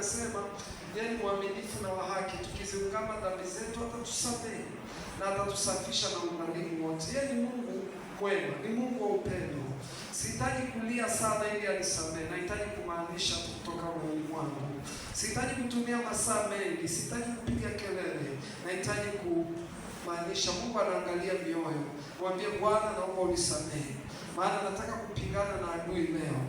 amesema yeye ni mwaminifu na wa haki, tukiziungama dhambi zetu atatusamehe na atatusafisha na umadili wote. Yeye ni Mungu mwema, ni Mungu wa upendo. Sihitaji kulia sana ili anisamehe, nahitaji kumaanisha kutoka moyoni mwangu. Sihitaji kutumia masaa mengi, sihitaji kupiga kelele, nahitaji kumaanisha. Mungu anaangalia mioyo. Mwambie Bwana, naomba unisamehe, maana nataka kupigana na adui leo,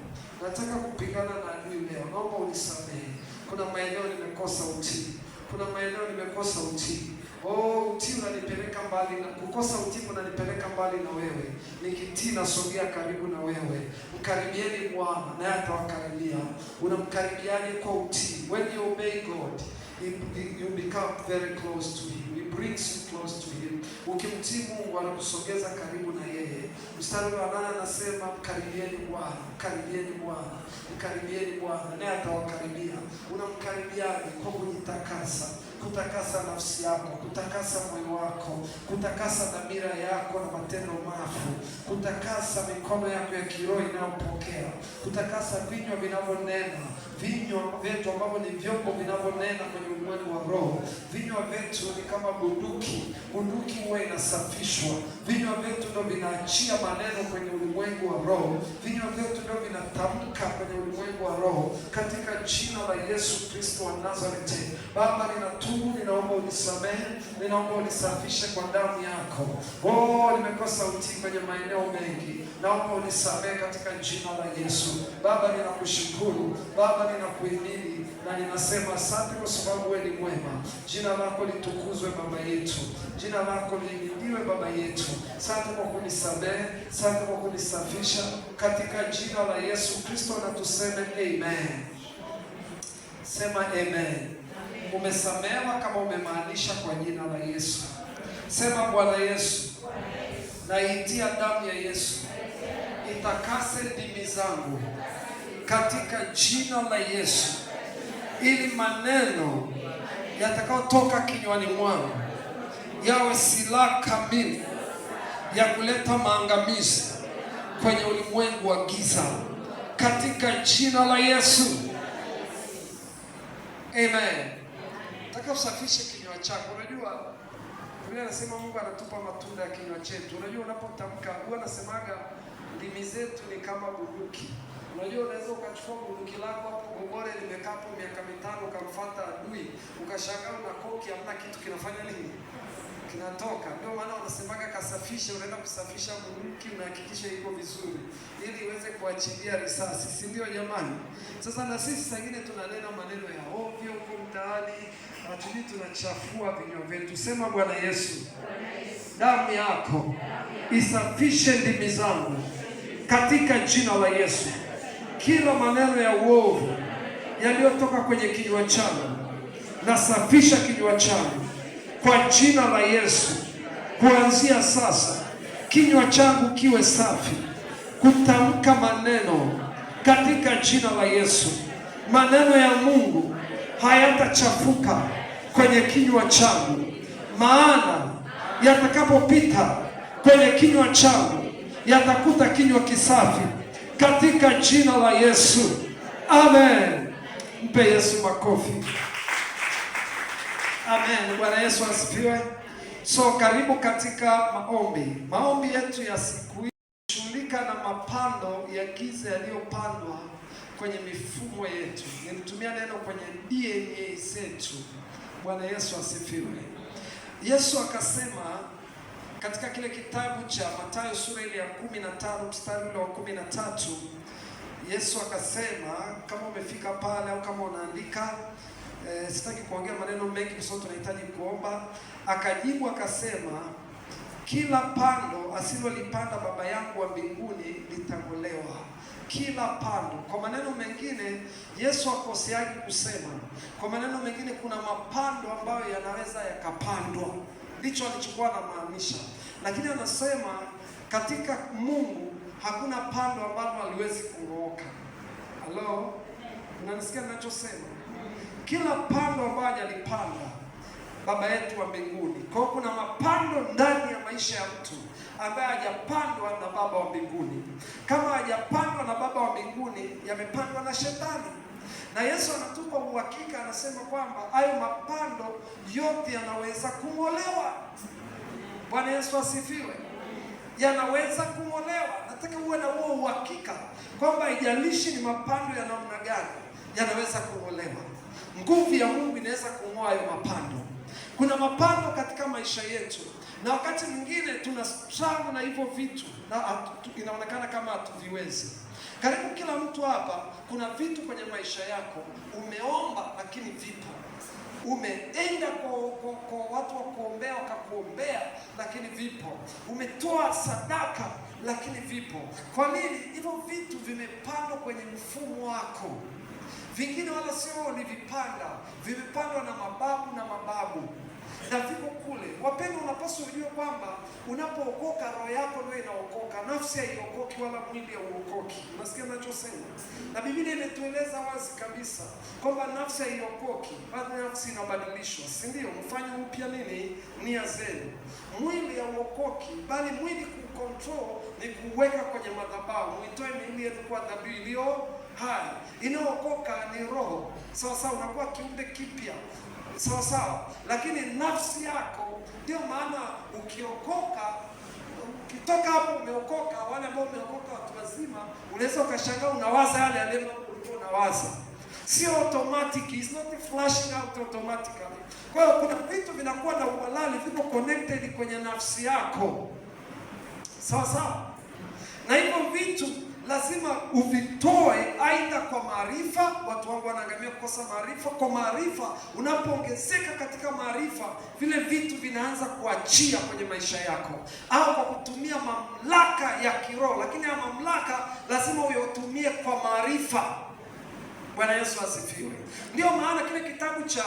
nataka kupigana na adui leo, naomba unisamehe kuna maeneo nimekosa utii, kuna maeneo nimekosa utii. Oh, utii unanipeleka mbali na kukosa utii kunanipeleka mbali na wewe. Nikitii nasogea karibu na wewe. Mkaribieni Bwana naye atawakaribia. Unamkaribiani kwa utii. When you obey God, you become very close to him brings you close to him, ukimtimu wanakusogeza karibu na yeye. Mstari wa nane anasema mkaribieni Bwana, mkaribieni Bwana, mkaribieni Bwana naye atawakaribia. Unamkaribiaje? Kwa kujitakasa kutakasa nafsi yako, kutakasa moyo wako, kutakasa dhamira yako na matendo mafu, kutakasa mikono yako ya kiroho inayopokea, kutakasa vinywa vinavyonena, vinywa vyetu ambavyo ni vyombo vinavyonena kwenye ulimwengu wa roho. Vinywa vyetu ni kama bunduki, bunduki huwa inasafishwa. Vinywa vyetu ndio vinaachia maneno kwenye ulimwengu wa roho, vinywa vyetu ndio vinatamka kuamka kwenye ulimwengu wa roho katika jina la Yesu Kristo wa Nazareti. Baba, ninatubu, ninaomba unisamehe, ninaomba unisafishe kwa damu yako. Oh, nimekosa sauti kwenye maeneo mengi, naomba unisamehe katika jina la Yesu. Baba, ninakushukuru, Baba, ninakuhimidi na ninasema asante kwa sababu wewe ni mwema. Jina lako litukuzwe Baba yetu, jina lako lihimidiwe Baba yetu. Asante kwa kunisamehe, asante kwa kunisafisha katika jina la Yesu Kristo Kristo na tuseme amen. Sema amen. Umesamewa kama umemaanisha kwa jina la Yesu. Sema Bwana Yesu, naitia damu ya Yesu itakase ndimi zangu katika jina la Yesu, ili maneno yatakayotoka kinywani mwangu yawe silaha kamili ya kuleta maangamizi kwenye ulimwengu wa giza katika jina la Yesu. Amen. Nataka usafishe kinywa chako. Unajua Biblia inasema Mungu anatupa matunda ya kinywa chetu. Unajua unapotamka, huwa anasemaga ndimi zetu ni kama bunduki. Unajua unaweza ukachukua bunduki lako hapo gobore limekaa hapo miaka mitano, ukamfuata adui, ukashangaa na koki, hamna kitu kinafanya nini? Kinatoka. Ndio maana wanasemaga kasafishe, unaenda kusafisha bunduki, unahakikisha iko vizuri ili kuachilia risasi, si ndio jamani? Sasa na sisi sangine tunanena maneno ya ovyo huko mtaani, hatujui tunachafua vinywa vyetu. Sema Bwana Yesu, damu yako isafishe ndimi zangu katika jina la Yesu. Kila maneno ya uovu yaliyotoka kwenye kinywa changu nasafisha kinywa changu kwa jina la Yesu. Kuanzia sasa kinywa changu kiwe safi kuta katika maneno, katika jina la Yesu. Maneno ya Mungu hayatachafuka kwenye kinywa changu, maana yatakapopita kwenye kinywa changu yatakuta kinywa kisafi, katika jina la Yesu. Amen. Mpe Yesu makofi. Amen. Bwana Yesu asifiwe. So karibu katika maombi, maombi yetu ya siku tumegubika na mapando ya giza yaliyopandwa kwenye mifumo yetu. Nilitumia neno kwenye DNA zetu. Bwana Yesu asifiwe. Yesu akasema katika kile kitabu cha Mathayo sura ile ya kumi mstari ule wa 13, na tatu Yesu akasema, kama umefika pale au kama unaandika eh, sitaki kuongea maneno mengi kwa sababu tunahitaji kuomba. Akajibu akasema kila pando asilolipanda Baba yangu wa mbinguni litang'olewa. Kila pando. Kwa maneno mengine, Yesu akoseaji kusema. Kwa maneno mengine, kuna mapando ambayo yanaweza yakapandwa, ndicho alichokuwa anamaanisha. Lakini anasema katika Mungu hakuna pando ambalo haliwezi kung'ooka. Halo, unanisikia ninachosema? Kila pando ambayo alipanda Baba yetu wa mbinguni. Kwa kuna mapando ndani ya maisha ya mtu ambaye hajapandwa na Baba wa mbinguni. Kama hajapandwa na Baba wa mbinguni, yamepandwa na Shetani. Na Yesu anatupa uhakika, anasema kwamba hayo mapando yote yanaweza kung'olewa. Bwana Yesu asifiwe. Yanaweza kung'olewa. Nataka uwe na huo uhakika kwamba haijalishi ni mapando ya namna gani, yanaweza kung'olewa. Nguvu ya Mungu inaweza kung'oa hayo mapando. Kuna mapango katika maisha yetu, na wakati mwingine tuna struggle na hivyo vitu na inaonekana kama hatuviwezi. Karibu kila mtu hapa, kuna vitu kwenye maisha yako umeomba lakini vipo umeenda kwa, kwa watu wa kuombea wakakuombea, lakini vipo. Umetoa sadaka, lakini vipo. Kwa nini? Hivyo vitu vimepandwa kwenye mfumo wako, vingine wala sio ulivipanda, vimepandwa na mababu na mababu na viko kule. Wapendwa, unapaswa ujue kwamba unapookoka roho yako ndio inaokoka, nafsi haiokoki wala mwili hauokoki. Unasikia ninachosema? Na Biblia imetueleza wazi kabisa kwamba nafsi haiokoki, bali nafsi inabadilishwa, si ndio? Mfanye upya nini nia zenu. Mwili hauokoki, bali mwili kucontrol ni kuweka kwenye madhabahu, mwitoe mwili yenu kwa dhabihu iliyo hai. Inaokoka ni roho. sawasawa, unakuwa kiumbe kipya sawa sawa, lakini nafsi yako. Ndio maana ukiokoka, ukitoka hapo umeokoka, wale ambao umeokoka watu wazima, unaweza ukashangaa unawaza yale yale ulikuwa unawaza. Sio automatic, is not flashing out automatically. Kwa hiyo kuna vitu vinakuwa na uhalali, viko connected kwenye nafsi yako, sawa sawa, na hivyo vitu lazima uvitoe, aidha kwa maarifa. Watu wangu wanaangamia kukosa maarifa. Kwa maarifa, unapoongezeka katika maarifa, vile vitu vinaanza kuachia kwenye maisha yako, au kwa kutumia mamlaka ya kiroho. Lakini ya mamlaka lazima uyotumie kwa maarifa. Bwana Yesu asifiwe. ndio maana kile kitabu cha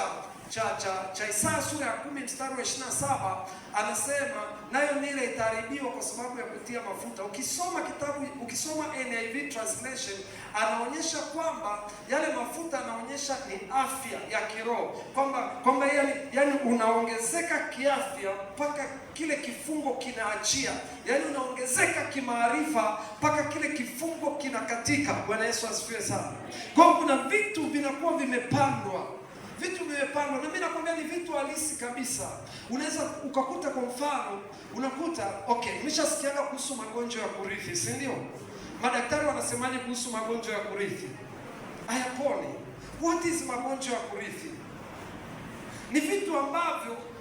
cha, cha, cha Isaya sura ya kumi mstari wa ishirini na saba anasema nayo nile itaharibiwa kwa sababu ya kutia mafuta. Ukisoma kitabu, ukisoma NIV translation anaonyesha kwamba yale mafuta anaonyesha ni afya ya kiroho, kwamba kwamba yani, yani unaongezeka kiafya mpaka kile kifungo kinaachia, yani unaongezeka kimaarifa mpaka kile kifungo kinakatika. Bwana Yesu asifiwe sana. Kwa kuna vitu vinakuwa vimepandwa vitu vimepangwa, na mimi nakwambia ni vitu halisi kabisa. Unaweza ukakuta, kwa mfano, unakuta okay, umeshasikiaga kuhusu magonjwa ya kurithi, si ndio? Madaktari wanasemaje kuhusu magonjwa ya kurithi? Hayaponi. What is magonjwa ya kurithi? Ni vitu ambavyo